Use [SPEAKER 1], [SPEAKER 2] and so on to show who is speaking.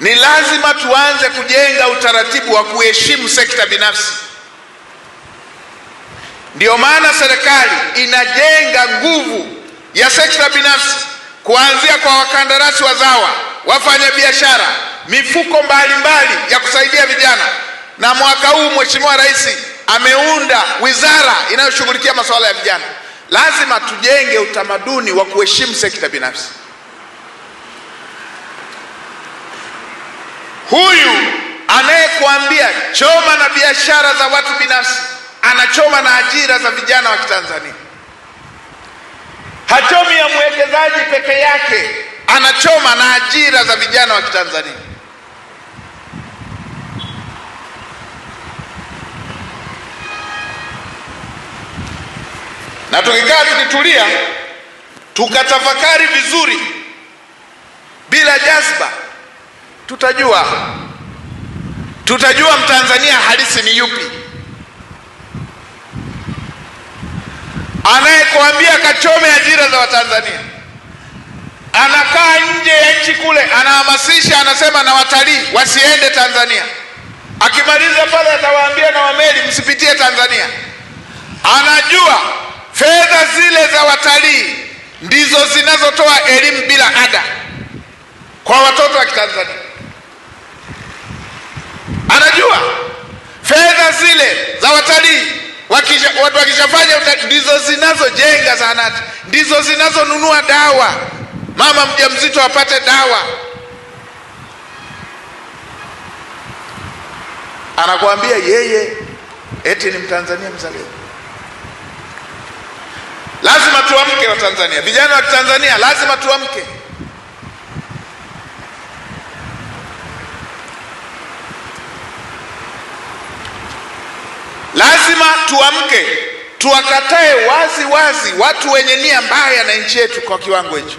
[SPEAKER 1] Ni lazima tuanze kujenga utaratibu wa kuheshimu sekta binafsi. Ndiyo maana serikali inajenga nguvu ya sekta binafsi kuanzia kwa wakandarasi wazawa, wafanyabiashara, mifuko mbalimbali mbali ya kusaidia vijana, na mwaka huu Mheshimiwa Rais ameunda wizara inayoshughulikia masuala ya vijana. Lazima tujenge utamaduni wa kuheshimu sekta binafsi. Huyu anayekuambia choma na biashara za watu binafsi anachoma na ajira za vijana wa Kitanzania. Hachomi ya mwekezaji peke yake, anachoma na ajira za vijana wa Kitanzania. Na tukikaa tukitulia tukatafakari vizuri bila jazba tutajua, tutajua mtanzania halisi ni yupi. Anayekuambia kachome ajira za Watanzania anakaa nje ya nchi kule, anahamasisha, anasema na watalii wasiende Tanzania. Akimaliza pale atawaambia na wameli msipitie Tanzania. Anajua fedha zile za watalii ndizo zinazotoa elimu bila ada kwa watoto wa Kitanzania anajua fedha zile za watalii watu wakishafanya ndizo zinazojenga zahanati, ndizo zinazonunua dawa, mama mja mzito apate dawa. Anakuambia yeye eti ni mtanzania mzalendo. Lazima tuamke Watanzania, vijana wa kitanzania lazima tuamke. Lazima tuamke, tuwakatae wazi wazi watu wenye nia mbaya na nchi yetu kwa kiwango hicho.